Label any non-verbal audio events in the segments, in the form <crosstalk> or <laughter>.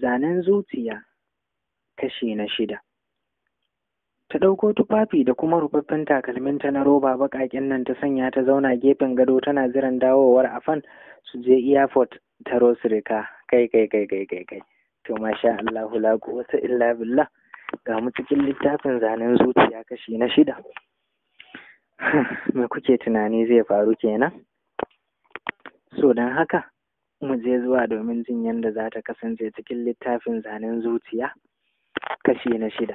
zanen zuciya kashi na shida ta ɗauko tufafi da kuma rufaffen takalminta na roba baƙaƙen nan ta sanya ta zauna gefen gado tana jiran dawowar a fan su je iyafot ta rosirika kai kai kai kai kai kai to masha Allah la quwwata illa billah ga mu cikin littafin zanen zuciya kashi na shida <laughs> me kuke tunani zai faru kenan so don haka mu je zuwa domin jin yadda za ta kasance cikin littafin zanen zuciya kashi na shida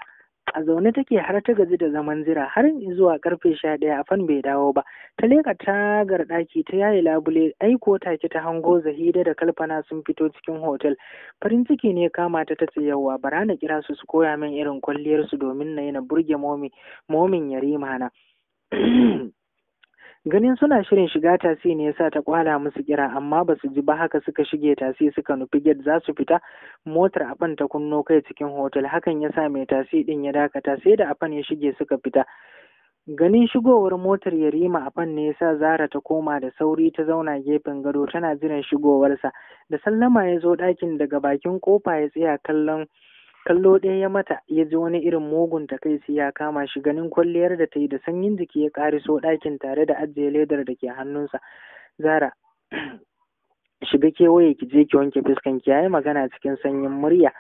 a zaune take har ta gaji da zaman jira har zuwa karfe sha ɗaya a fan bai dawo ba ta leƙa tagar ɗaki ta yaye labule aiko take ta hango zahida da kalfana sun fito cikin hotel farin ciki ne kama ta ta yawa bara na kira su su koya min irin kwalliyar su domin na yi na burge momin yarima na <clears throat> ganin suna shirin shiga tasi ne yasa ta kwala musu kira amma ba su ji ba haka suka shige tasi suka nufi get za su fita motar afan ta kunno kai cikin hotel hakan yasa mai tasi din ya dakata sai da afan ya shige suka fita ganin shigowar motar yarima a fan ne yasa zara ta koma da sauri ta zauna gefen gado tana jiran shigowarsa da sallama ya zo ɗakin daga bakin kofa ya tsaya kallon kallo ɗaya ya mata ya ji wani irin mugun ta kai takaici ya kama shi ganin kwalliyar da ta yi da sanyin jiki ya ƙariso ɗakin tare da ajiye ledar da ke hannunsa zara <clears throat> shiga kewaye ki je ki wanke fuskan ki yayi magana cikin sanyin murya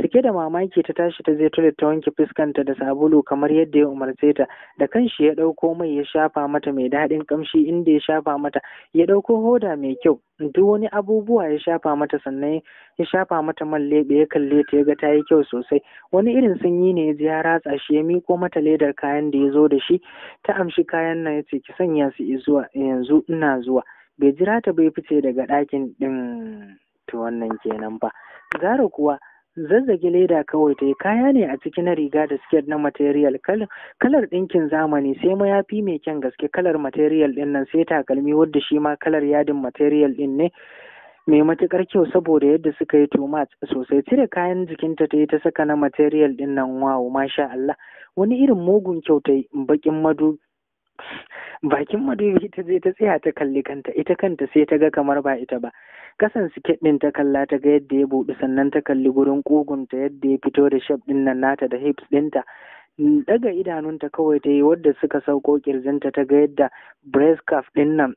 cike da mamaki ta tashi ta je toilet ta wanke fuskanta da sabulu kamar yadda ya umarce ta da kanshi ya ɗauko mai ya shafa mata mai daɗin ƙamshi inda ya shafa mata ya ɗauko hoda mai kyau duk wani abubuwa ya shafa mata sannan ya shafa mata man leɓe ya kalle ta ya ga ta yi kyau sosai wani irin sanyi ne ya ji ya ratsa shi ya miko mata ledar kayan da ya zo da shi ta amshi kayan nan ya ce ki sanya su zuwa yanzu ina zuwa bai jira ta bai fice daga ɗakin ɗin ta wannan kenan ba zara kuwa zazzage leda kawai ta yi kaya ne a cikin na riga da siket na material kalar ɗinkin zamani sai mayafi mai kyan gaske kalar material ɗin nan sai takalmi wadda shi ma kalar yadin material ɗin ne mai matuƙar kyau saboda yadda suka yi tomat sosai cire kayan jikinta ta yi ta saka na material ɗin nan wawo masha Allah wani irin mugun kyau ta yi baƙin madu bakin madubi ta je ta tsaya ta kalli kanta ita kanta sai ta ga kamar ba ita ba kasan siket ɗin ta kalla ta ga yadda ya buɗu sannan ta kalli gurin ƙugunta yadda ya fito da shaf ɗin nan nata da hips ɗinta daga idanunta kawai ta yi wadda suka sauko kirjinta ta ga yadda breast cuff ɗin nan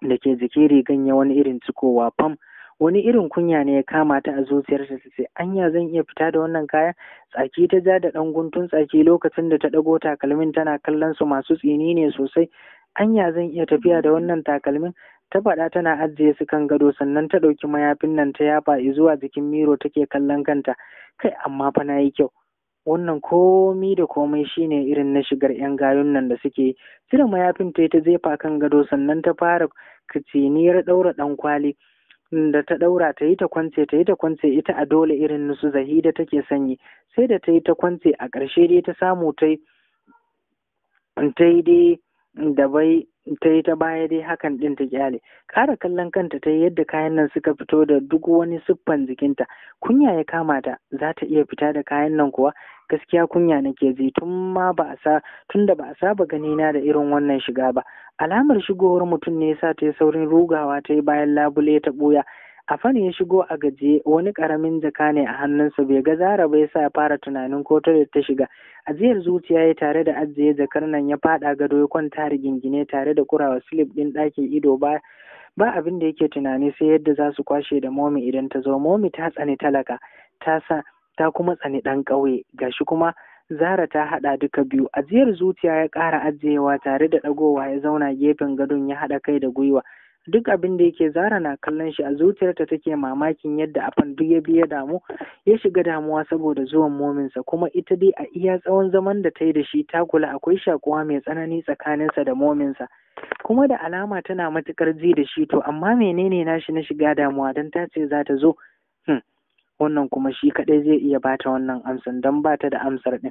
da ke jikin rigan ya wani irin cikowa fam wani irin kunya ne ya kama ta a zuciyarta ta ce anya zan iya fita da wannan kaya tsaki ta ja da ɗan guntun tsaki lokacin da ta ɗago takalmin tana kallon su masu tsini ne sosai anya zan iya tafiya da wannan takalmin ta faɗa tana ajiye su kan gado sannan ta ɗauki mayafin nan ta yafa zuwa jikin miro take kallon kanta kai amma fa na yi kyau wannan komi da komai shine irin na shigar yan gayun nan da suke yi cire mayafin ta ta jefa kan gado sannan ta fara kaciniyar ɗaura ɗan kwali da ta ɗaura ta yi ta kwance ta yi ta kwance ita a dole irin nusu zahida take sanyi sai da ta yi ta kwance a ƙarshe dai ta samu ta yi dai da bai ta yi ta baya dai hakan ɗin ta kyale kara kallon kanta ta yi yadda kayan nan suka fito da duk wani siffan jikinta kunya ya kama ta za ta iya fita da kayan nan kuwa gaskiya kunya nake ji tun ma ba a sa tun da ba a saba gani na da irin wannan shiga ba alamar shigowar mutum ne yasa ta yi saurin rugawa ta yi bayan labule ta ɓuya Afan ya shigo a gaje wani ƙaramin jaka ne a hannunsa bai ga zara bai sa ya fara tunanin ko ta ta shiga. Ajiyar zuciya ya tare da ajiye jakar nan ya faɗa gado ya kwanta rigingine tare da kurawa slip ɗin ɗakin ido ba ba abin da yake tunani sai yadda za su kwashe da momi idan ta zo momi ta tsani talaka ta sa ta kuma tsani ɗan ƙauye gashi kuma Zara ta haɗa duka biyu, ajiyar zuciya ya ƙara ajiyewa tare da ɗagowa ya zauna gefen gadon ya haɗa kai da gwiwa. duk abin da yake zara na kallon shi a zuciyarta take mamakin yadda afan duk ya biya damu ya shiga damuwa saboda zuwan mominsa kuma ita dai a iya tsawon zaman da ta yi da shi ta kula akwai shakuwa mai tsanani tsakaninsa da mominsa kuma da alama tana matukar ji da shi to amma menene nashi na shiga damuwa don ta ce za ta zo hmm, wannan kuma shi kadai zai iya bata wannan amsan don bata da amsar din.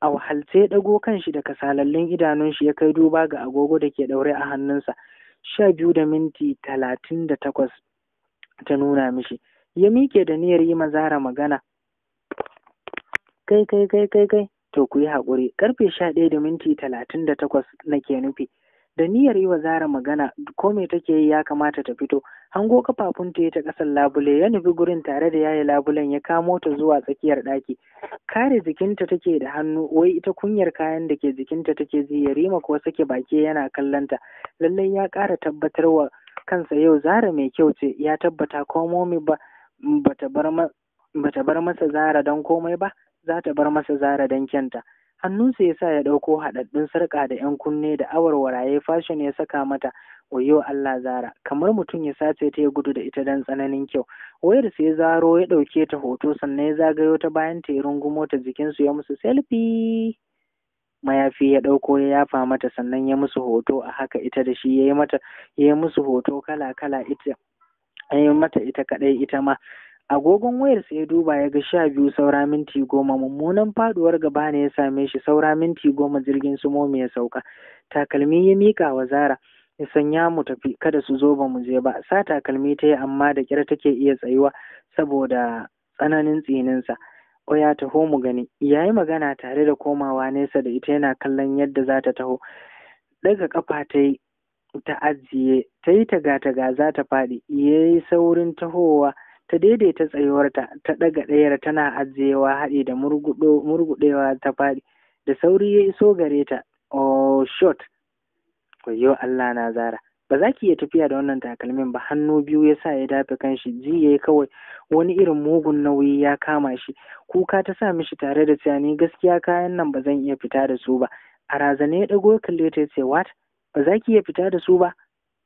a wahalce ya kanshi da salallen idanun shi ya kai duba ga agogo da ke ɗaure a hannunsa sha biyu da minti talatin da takwas ta nuna mishi ya miƙe da niyyar yi mazara magana kai kai kai kai kai to ku yi haƙuri ƙarfe sha ɗaya da minti talatin da takwas nake nufi da niyyar yi wa zara magana ko me take yi ya kamata ta fito hango ta yi ta kasan labule ya nufi gurin tare da yaye labulen ya kamo ta zuwa tsakiyar ɗaki kare jikinta take da hannu wai ita kunyar kayan da ke jikinta take ji ya rima ko sake baki yana kallanta lallai ya kara tabbatar wa kansa yau zara mai kyau ce ya tabbata ko momi ba bata bar masa zara don komai ba za ta bar masa zara don kyanta hannunsa ya sa ya ɗauko haɗaɗɗun sarƙa da 'yan kunne da awarwaraye fashon ya saka mata wayo Allah zara kamar mutum ya sace ta ya gudu da ita dan tsananin kyau wayar sai zaro ya ɗauke ta hoto sannan ya zagayo ta bayan ta ya rungumo ta jikinsu ya musu selfie mayafi ya ɗauko ya yafa mata sannan ya musu hoto a haka ita da shi ya yi mata ya yi musu hoto kala kala ita ya yi mata ita kaɗai ita ma agogon wayar wayarsa ya duba ya ga sha biyu saura minti goma mummunan faduwar gaba ne ya same shi saura minti goma jirgin su momi ya sauka takalmi ya mika wa zara ya sanya mu tafi kada su zo ba mu je ba sa takalmi ta yi amma da kyar take iya tsayuwa saboda tsananin tsininsa oya taho mu gani ya yi magana tare da komawa nesa da ita yana kallon yadda za ta taho daga kafa ta yi ta ajiye ta yi taga-taga za ta faɗi ya yi saurin tahowa ta daidaita tsayuwarta ta ɗaga ɗayar tana ajiyewa haɗi da murguɗewa ta faɗi da sauri ya iso gare ta oh shot wayo Allah na zara ba za ki iya tafiya da wannan takalmin ba hannu biyu ya sa ya dafe kanshi ji ya yi kawai wani irin mugun nauyi ya kama shi kuka ta sa mishi tare da cewa gaskiya kayan nan ba zan iya fita da su ba a razane ya ɗago kalle ta ce wat ba za ki iya fita da su ba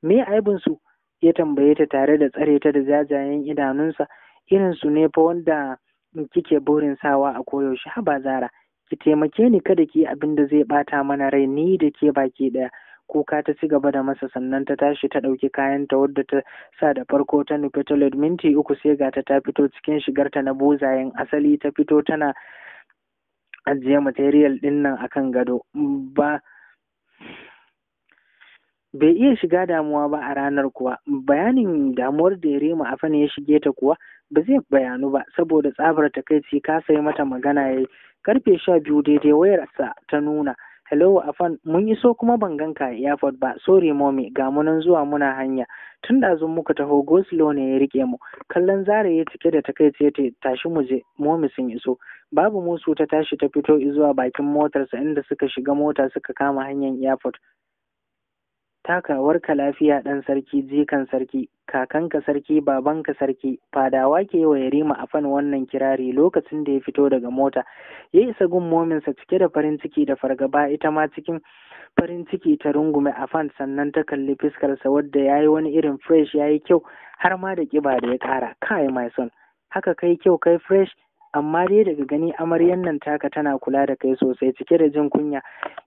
me aibin su ya tambaye ta tare da tsare ta da jajayen idanunsa irin su ne fa wanda kike burin sawa a koyaushe haba zara ki taimake ni kada ki abin da zai bata mana rai ni da ke baki daya kuka ta ci gaba da masa sannan ta tashi ta ɗauki ta wadda ta sa da farko ta nufi toilet minti uku sai ga ta ta fito cikin shigarta na bozayen asali ta fito tana ajiye material ɗin nan akan gado ba bai iya shiga damuwa ba a ranar kuwa bayanin damuwar da ya a fane ya shige ta kuwa ba zai bayanu ba saboda tsabar takaici ka sai mata magana yayi karfe sha biyu daidai wayar sa ta nuna hello Afan mun iso kuma ban ganka airport ba sorry mommy ga mu nan zuwa muna hanya tun da zun muka taho Goslo ne ya rike mu kallon Zara ya cike da takaice ya tashi mu je mommy sun iso babu musu ta tashi ta fito zuwa bakin motarsa inda suka shiga mota suka kama hanyar airport takawarka lafiya ɗan sarki jikan sarki kakanka sarki babanka sarki fadawa ke wa yarima a fan wannan kirari lokacin da ya fito daga mota ya isa gun mominsa cike da farin ciki da fargaba ita ma cikin farin ciki ta rungume a fan sannan ta kalli fiskarsa wadda ya yi wani irin fresh ya yi kyau har ma da ƙiba da ya ƙara kai my son haka kai kyau kai fresh amma dai daga gani amaryan nan taka tana kula da kai sosai cike da jin kunya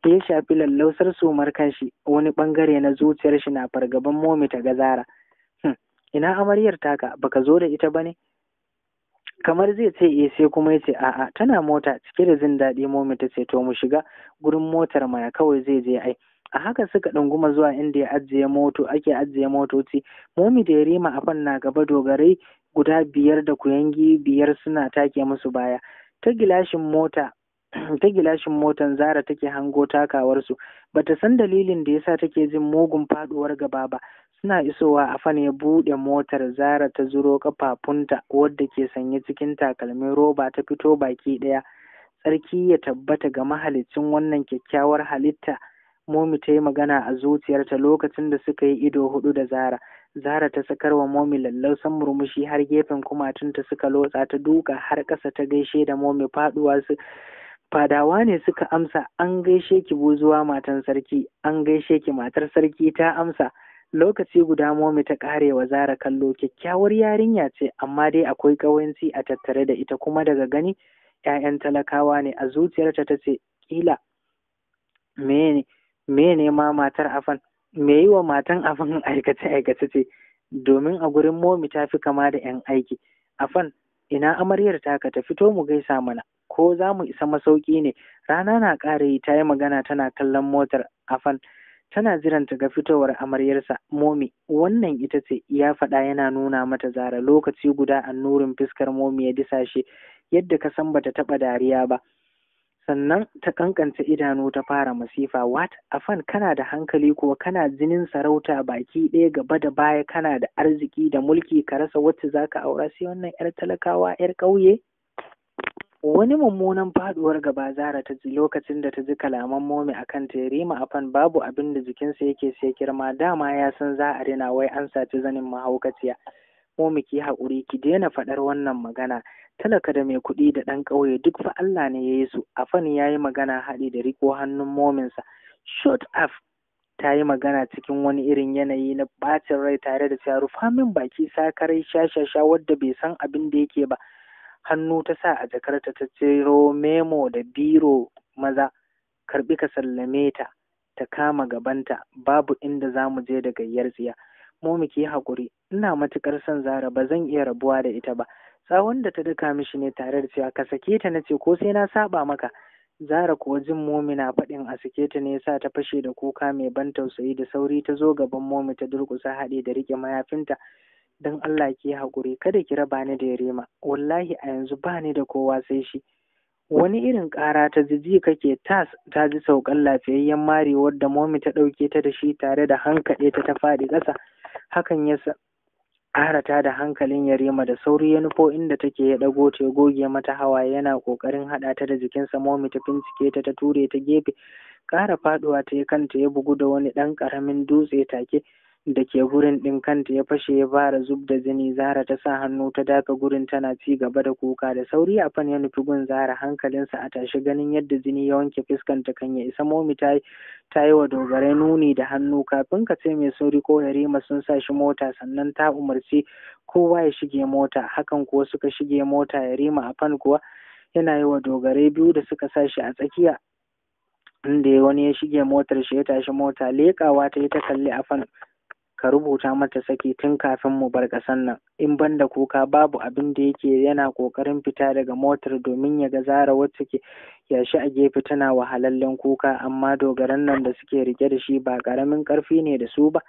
da ya shafi lallausar sumar kanshi wani bangare na zuciyar shi na fargaban momi ta gazara hmm, ina amaryar taka baka zo da ita bane kamar zai ce eh sai kuma ya ce a'a tana mota cike da jin daɗi momi ta ce to mu shiga gurin motar maya kawai zai je ai a haka suka ɗunguma zuwa inda ya ajiye moto ake ajiye motoci momi da ya rima a fanna gaba dogarai guda biyar da kuyangi biyar suna take musu baya ta gilashin mota <clears throat> ta gilashin motan zara take hango takawarsu bata san dalilin da yasa take jin mugun faduwar gaba ba suna isowa a fane buɗe motar zara ta zuro kafafunta wadda ke sanye cikin takalmin roba ta fito baki ɗaya tsarki ya tabbata ga mahalicin wannan kyakkyawar halitta momi ta yi magana a zuciyarta lokacin da suka yi ido hudu da zara Zara ta sakar wa Momi lallausan murmushi har gefen kumatunta suka lotsa ta duka har ƙasa ta gaishe da Momi faduwa su fadawa ne suka amsa an gaishe ki buzuwa matan sarki an gaishe ki matar sarki ta amsa lokaci guda momi ta kare wa zara kallo kyakkyawar yarinya ce amma dai akwai ƙawanci a tattare da ita kuma daga gani 'ya'yan talakawa ne a zuciyarta ta ce kila me ne ma matar afan me yi wa matan afan <laughs> aikace-aikace ce domin a gurin momi ta fi kama da 'yan aiki afan ina amaryar taka ta fito mu gaisa mana ko za mu isa masauki ne rana na ƙara yi ta yi magana tana kallon motar afan tana jiranta ga fitowar amaryarsa momi wannan ita ce ya faɗa yana nuna mata zara lokaci guda a nurin fuskar momi ya disa shi, yadda ka san bata taɓa dariya ba sannan ta kankanta idanu ta fara masifa wat afan kana da hankali ko kana jinin sarauta baki ɗaya gaba da baya kana da arziki da mulki ka rasa wacce zaka aura sai wannan yar talakawa yar ƙauye wani mummunan faduwar gaba zara ta ji lokacin da ta ji kalaman momi a rima a fan, babu abin da jikinsa yake sai girma dama ya san za a rina wai an saci zanin mahaukaciya momi ki haƙuri ki daina faɗar wannan magana talaka da mai kuɗi da ɗan ƙauye duk fa Allah ne ya yi su afan ya yi magana haɗi da riko hannun mominsa short af ta yi magana cikin wani irin yanayi na bacin rai tare da cewa rufa min baki sakarai shashasha wadda bai san abin da yake ba hannu ta sa a jakarta ta ciro memo da biro maza karbi ka sallame ta ta kama gabanta babu inda za mu je da gayyar tsiya mu ki hakuri ina matukar son zara ba zan iya rabuwa da ita ba Sa da ta daka mishi ne tare da cewa ka sake ta na ce ko sai na saba maka zara kuwa jin momi na faɗin a sake ta ne sa ta fashe da kuka mai ban tausayi da sauri ta zo gaban momi ta durƙusa haɗe da riƙe mayafinta don Allah ki haƙuri kada ki raba ni da yarema wallahi a yanzu ba ni da kowa sai shi wani irin ƙara ta jiji kake tas ta ji saukan lafiyayyen mari wadda momi ta ɗauke ta da shi tare da hankaɗe ta ta faɗi ƙasa hakan ya ƙara da hankalin Yarima da sauri ya nufo inda take ya ɗago ta ya goge mata hawaye yana ƙoƙarin haɗa ta da jikinsa Momi ta bincike ta ta ture ta gefe ƙara faɗuwa ta yi kanta ya bugu da wani ɗan ƙaramin dutse take da ke gurin ɗin kanta ya fashe ya fara zub da jini zara ta sa hannu ta daka gurin tana ci gaba da kuka da sauri a fan ya nufi gun zara hankalinsa a tashi ganin yadda jini ya wanke fuskanta kan ya isa momi ta yi wa dogarai nuni da hannu kafin ka ce mai sauri ko yarima sun sa shi mota sannan ta umarci kowa ya shige mota hakan kuwa suka shige mota yarima a fan kuwa yana yi wa dogarai biyu da suka sa shi a tsakiya inda wani ya shige motar shi ya tashi mota leƙawa ta yi ta kalli a fan ka rubuta mata saki tun kafin mu bar ƙasar nan in ban da kuka babu abin da yake yana ƙoƙarin fita daga motar domin ya ga zara wacce ke yashi a gefe tana wahalallen kuka amma dogaran nan da suke rike da shi ba ƙaramin ƙarfi ne da su ba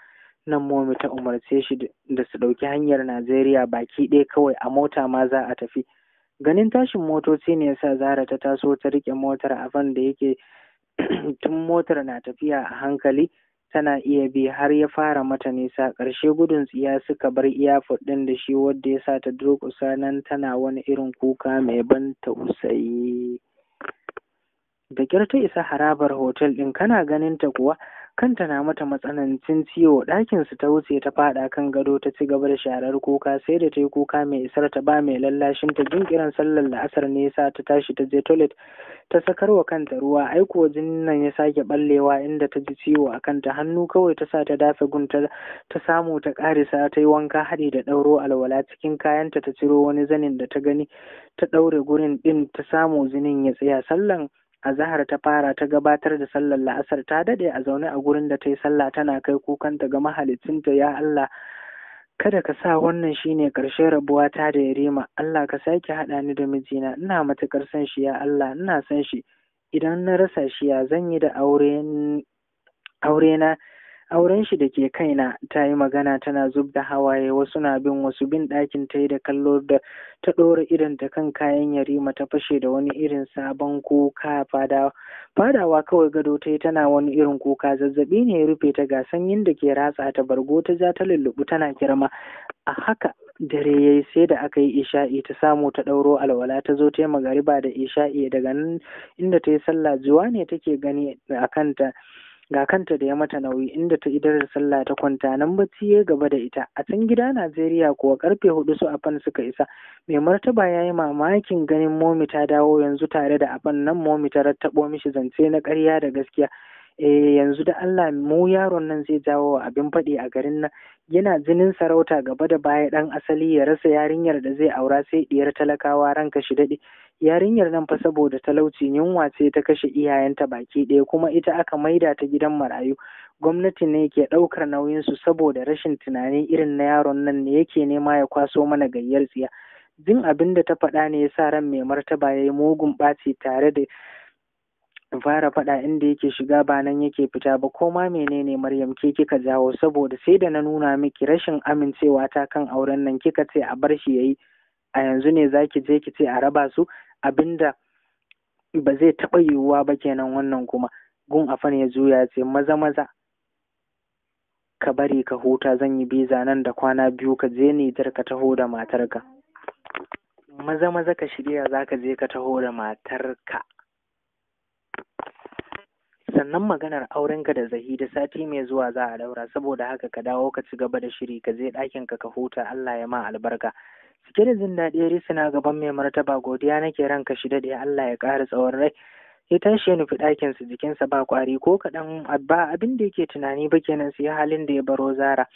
nan momi ta umarce shi da su ɗauki hanyar najeriya baki ɗaya kawai a mota ma za a tafi ganin tashin motoci ne yasa zara ta taso ta riƙe motar a da yake <clears throat> tun motar na tafiya a hankali tana iya bi har ya fara mata nisa ƙarshe gudun tsiya suka bar iya ɗin da shi wadda ya sa ta durƙusa nan tana wani irin kuka mai ban tausayi da kyar ta isa harabar hotel ɗin kana ganin ta kuwa kanta na mata matsanancin ciwo ɗakin su ta wuce ta faɗa kan gado ta ci gaba da sharar kuka sai da ta yi kuka mai isar ta ba mai lallashin ta jin kiran sallar da asar ne ta tashi ta je toilet ta sakar wa kanta ruwa aiko jinin nan ya sake ballewa inda ta ji ciwo a kanta hannu kawai ta sa ta dafa gunta ta samu ta karisa ta yi wanka haɗi da ɗauro alwala cikin kayanta ta ciro wani zanin da ta gani ta ɗaure gurin ɗin ta samu jinin ya tsaya sallan azahar ta fara ta gabatar da sallar la'asar ta dade a zaune a gurin da ta yi sallah tana kai kukanta ga mahalicinta ya Allah kada ka sa wannan shine ƙarshen rabuwa ta da yarima Allah ka sake haɗa ni da mijina ina matuƙar son shi ya Allah ina son shi idan na rasa shi ya zan yi da aure na auren shi da ke kaina ta yi magana tana zub da hawaye wasu na bin wasu bin ɗakin ta yi da kallo da ta ɗora irin ta kan kayan yarima ta fashe da wani irin sabon kuka fadawa kawai gado ta yi tana wani irin kuka zazzabi ne ya rufe ta ga sanyin da ke ratsa ta bargo ta ja ta lullubu tana kirma a haka dare yayi sai da aka yi isha'i ta samu ta ɗauro alwala ta zo ta yi magariba da isha'i daga nan inda ta yi sallah zuwa ne take gani a kanta ga kanta da ya mata nauyi inda ta idar da sallah ta kwanta nan bacci ya gaba da ita a can gida najeriya kuwa karfe hudu su afan suka isa mai martaba ya yi mamakin ganin momi ta dawo yanzu tare da afan nan momi ta rattabo mishi zance na karya da gaskiya eh yanzu da Allah mu yaron nan zai jawo abin faɗi a garin nan yana jinin sarauta gaba da baya ɗan asali ya rasa yarinyar da zai aura sai ɗiyar talakawa ran shi daɗi. yarinyar nan fa saboda talauci yunwa ce ta kashe iyayenta baki ɗaya kuma ita aka maida ta gidan marayu gwamnati ne ke ɗaukar nauyinsu saboda rashin tunani irin na yaron nan ne yake nema ya kwaso mana gayyar tsiya jin abin da ta faɗa ne ya sa ran mai martaba ya yi mugun ɓaci tare da in fara faɗa inda yake shiga ba nan yake fita ba ko ma menene Maryam ke kika jawo saboda sai da na nuna miki rashin amincewa ta kan auren nan kika ce a bar shi yayi a yanzu ne zaki je ki ce a raba su abinda ba zai taɓa yiwuwa ba kenan wannan kuma gun afan ya juya ce maza maza ka bari ka huta zan yi biza nan da kwana biyu ka je Nijar ka taho da matarka maza maza ka shirya zaka je ka taho da matarka sannan maganar auren ka da zahida sati mai zuwa za a daura saboda haka ka dawo ka ci gaba da shiri ka je ɗakin ka ka huta Allah ya ma albarka cike da jin daɗi ya risina gaban mai martaba godiya nake ranka shi daɗe Allah ya ƙara tsawon rai ya tashi ya nufi ɗakin su jikinsa ba kwari ko kaɗan ba abin da yake tunani ba kenan su yi halin da ya baro zara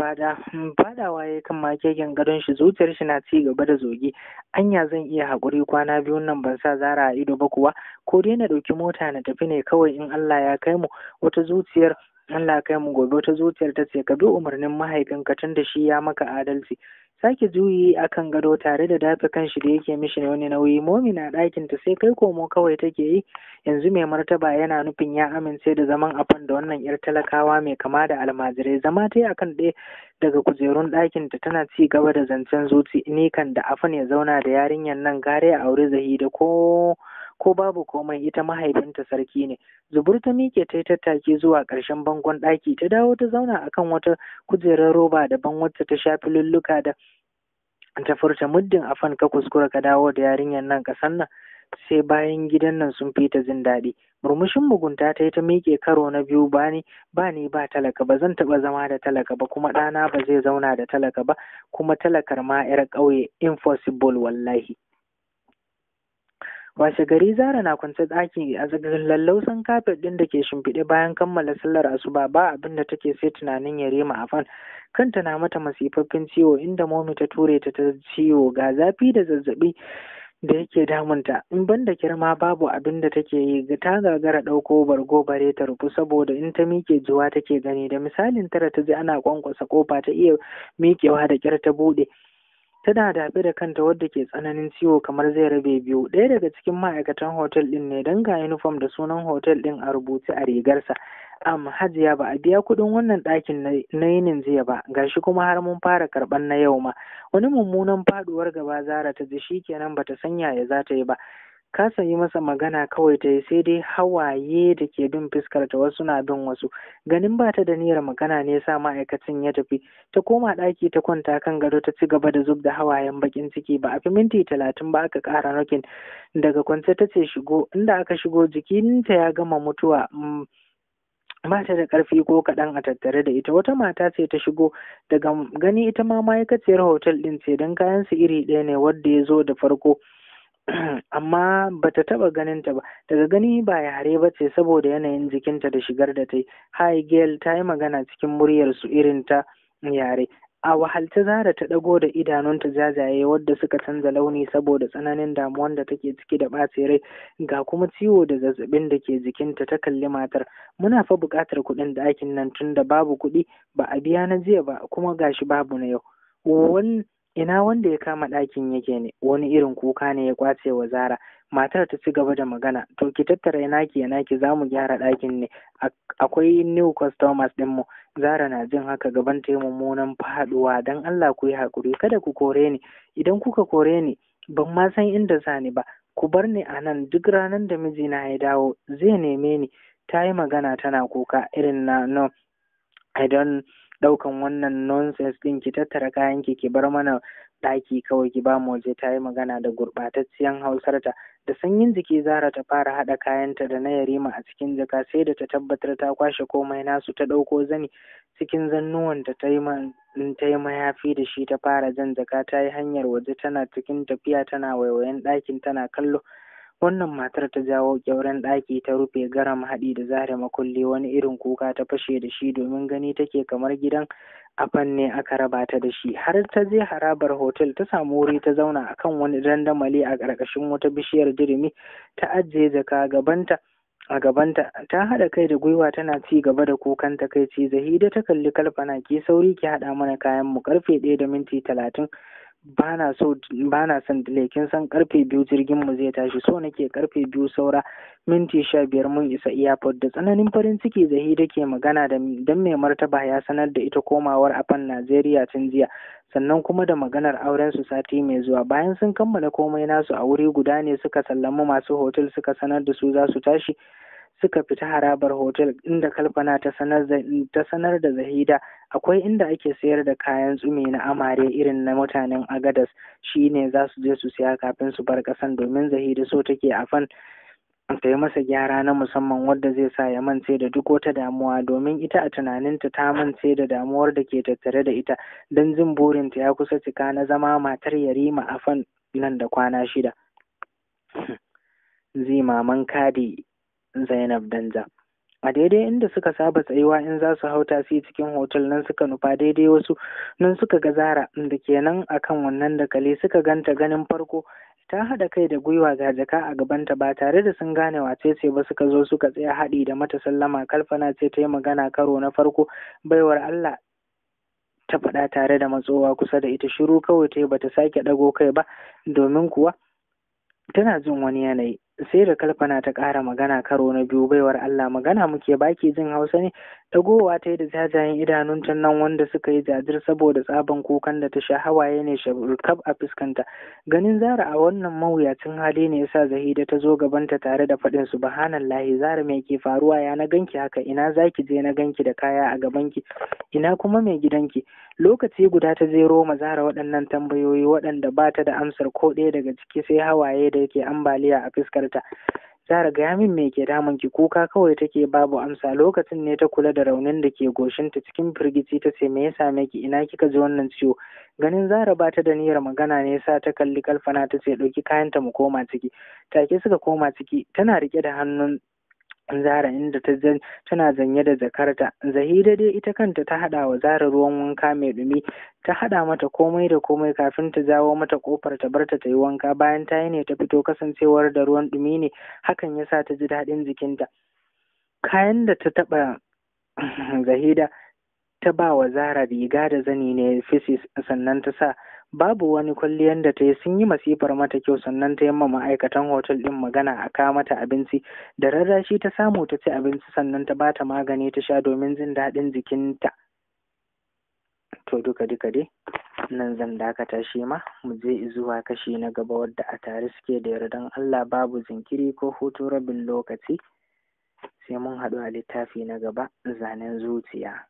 fada hmm, fadawa ya kan makegen gadon shi zuciyar shi na ci gaba da zogi anya zan iya hakuri kwana biyun nan ban sa zara a ido ba kuwa ko dai na ɗauki mota na tafi ne kawai in Allah ya kai mu wata zuciyar Allah kai mu gobe wata zuciyar ta ce ka bi umarnin mahaifinka tun da shi ya maka adalci sake juyi akan gado tare da dafe shi da yake mishi wani nauyi momi na ɗakin ta sai kai komo kawai take yi yanzu mai martaba yana nufin ya amince da zaman afan da wannan yar talakawa mai kama da almajirai zama ta yi akan ɗaya daga kujerun ɗakin ta tana ci gaba da zancen zuci ni kan da afan ya zauna da yarinyar nan gare a aure zahida ko ko babu komai ita mahaifinta sarki ne zubur ta miƙe ta yi tattaki zuwa ƙarshen bangon ɗaki ta dawo ta zauna akan wata kujerar roba daban wacce ta shafi lulluka da ta furta muddin afan ka kuskura ka dawo da yarinyar nan ƙasan nan sai bayan gidan nan sun fi ta jin daɗi murmushin mugunta ta yi ta miƙe karo na biyu ba ni ba ni ba talaka ba zan taɓa zama da talaka ba kuma ɗana ba zai zauna da talaka ba kuma talakar ma 'yar ƙauye impossible wallahi washe gari zara na kwance ɗaki a lallausan kafet ɗin da ke shimfiɗe bayan kammala sallar asuba ba abin da take sai tunanin ya rema a fan kanta na mata masifaffin ciwo inda momi ta ture ta ta ciwo ga zafi da zazzaɓi da yake damunta in ban da kirma babu abin da take yi ta gagara ɗauko bargo bare ta rufu saboda in ta miƙe juwa take gani da misalin tara ta ji ana kwankwasa kofa ta iya miƙewa da ƙyar ta buɗe tana daɓe da kanta wadda ke tsananin ciwo kamar zai rabe biyu ɗaya daga cikin ma'aikatan hotel ɗin ne don ga yunifom da sunan hotel ɗin a rubuce a rigarsa amma hajiya ba a biya kuɗin wannan ɗakin na yinin jiya ba gashi kuma har mun fara karɓar na yau ma wani mummunan faɗuwar gaba zara ta ji shi kenan bata san yaya za ta yi ba kasa yi masa magana kawai ta yi sai dai hawaye da ke bin fuskar ta wasu na bin wasu ganin ba ta da niyyar magana ne sa ma'aikacin ya tafi ta koma ɗaki ta kwanta kan gado ta ci gaba da zub da hawayen bakin ciki ba a fi minti talatin ba aka ƙara rokin daga kwance ta ce shigo inda aka shigo jikinta ya gama mutuwa mm, ba ta da ƙarfi ko kaɗan a tattare da ita wata mata ce ta shigo daga gani ita ma ma'aikaciyar hotel ɗin ce don kayan su iri ɗaya ne wadda ya zo da farko <clears throat> amma ba ta taɓa ganin ta ba daga gani ba yare ba ce saboda yanayin jikinta da shigar da ta yi hi girl ta yi magana cikin muryar su irin ta yare a wahalta zara ta ɗago da idanunta jajaye wadda suka canza launi saboda tsananin damuwan da take ciki da ɓace rai ga kuma ciwo da zazzabin da ke jikinta ta kalli matar muna fa buƙatar kuɗin da ɗakin nan tun da babu kuɗi ba a biya na jiya ba kuma gashi babu na yau ina wanda ya kama ɗakin yake ne wani irin kuka ne ya kwace wa zara matar ta ci gaba da magana to ki tattara naki ya naki za mu gyara ɗakin ne akwai new customers mu. zara na jin haka gaban ta mummunan faɗuwa don allah ku yi haƙuri kada ku kore ni idan kuka kore ni ban ma san inda za ni ba ku bar ni a nan duk ranar da mijina ya dawo zai neme ni ta yi magana tana kuka irin na no i don't ɗaukan wannan nonsense ɗin ki tattara kayan ki ki bar mana ɗaki kawai ki bamu waje ta yi magana da hausar hausarta da sanyin jiki zara ta fara haɗa kayanta da na yarima a cikin jaka sai da ta tabbatar ta kwashe komai nasu ta ɗauko zani cikin zannuwanta ta yi ta yi mayafi da shi ta fara jan jaka ta yi hanyar waje tana cikin tafiya tana waiwayen ɗakin tana kallo wannan matar ta jawo ƙyauren ɗaki ta rufe garam haɗi da zare makulli wani irin kuka ta fashe da shi domin gani take kamar gidan a ne aka raba ta da shi har ta je harabar hotel ta samu wuri ta zauna a kan wani dandamali a ƙarƙashin wata bishiyar dirimi ta ajiye jaka gabanta a gabanta ta haɗa kai da gwiwa tana ci gaba da kukan takaici zahida ta kalli kalfana ki sauri ki haɗa mana kayan mu karfe ɗaya da minti talatin ba na son delay san karfe biyu jirgin mu zai tashi so nake karfe biyu saura minti sha biyar mun isa airport da tsananin farin ciki da ke magana da dan mai martaba ya sanar da ita komawar a afan Najeriya tun jiya sannan kuma da maganar auren su sati mai zuwa bayan sun kammala komai nasu a wuri guda ne suka sallami masu hotel suka sanar da su za su tashi suka fita harabar hotel inda kalfana ta sanar da zahida akwai inda ake sayar da kayan tsumi na amare irin na mutanen agadas shine za su je su siya kafin su bar kasan domin zahida so take a fan ta yi masa gyara na musamman wadda zai sa ya mance da duk wata damuwa domin ita a tunaninta ta mance da damuwar da ke tattare da ita don jin burinta ya kusa cika na zama matar yarima a fan nan da kwana shida zimaman kadi Zainab Danza, A daidai inda suka saba tsayuwa in za su hau tasi cikin hotel nan suka nufa daidai wasu nan suka ga Zara da ke nan akan wannan dakali suka ganta ganin farko ta haɗa kai da gwiwa ga jaka a gabanta ba tare da sun gane wace ce ba suka zo suka tsaya haɗi da mata sallama kalfana ce ta yi magana karo na farko baiwar Allah ta faɗa tare da matsowa kusa da ita shiru kawai ta yi bata sake ɗago kai ba domin kuwa tana jin wani yanayi sai da kalfana ta ƙara magana karo na biyu baiwar Allah magana muke baki jin hausa ne tagowa ta yi da jajayen idanunta nan wanda suka yi jajir saboda tsaban kukan da ta sha hawaye ne shabirkab a fuskanta ganin zara a wannan mawuyacin hali ne yasa zahida ta zo gabanta tare da faɗin lahi zara me ke faruwa ya na ganki haka ina zaki je na ganki da kaya a gabanki ina kuma mai gidanki lokaci guda ta je Roma zara waɗannan tambayoyi waɗanda ba ta da amsar ko ɗaya daga ciki sai hawaye da yake ambaliya a fuskar Za Zara gaya min me ke damun ki kuka kawai take babu amsa lokacin ne ta kula da raunin da ke goshinta cikin firgici ta ce me ya same ki ina kika ji wannan ciwo ganin Zara ba ta da niyyar magana ne sa ta kalli kalfana ta ce ɗauki kayanta mu koma ciki take suka koma ciki tana rike da hannun Zara inda ta tana zanye da jakarta. Zahira dai ita kanta ta haɗa wa Zara ruwan wanka mai ɗumi, ta haɗa mata komai da komai kafin ta jawo mata kofar ta barta ta yi wanka bayan ta yi ne ta fito kasancewar da ruwan ɗumi ne hakan ya sa ta ji daɗin jikinta. Kayan da ta taɓa <clears throat> Zahida ta ba wa Zara riga da zani ne fisis sannan ta sa babu wani kwalliyar da ta yi sun yi masifar mata kyau sannan ta yamma ma'aikatan hotel ɗin magana a kawo mata abinci da rarrashi ta samu ta ci abinci sannan ta bata magani ta sha domin jin daɗin jikinta to duka duka dai nan zan dakata shi ma mu je zuwa kashi na gaba wadda a tare suke da yardan Allah babu jinkiri ko hutu rabin lokaci sai mun haɗu a littafi na gaba zanen zuciya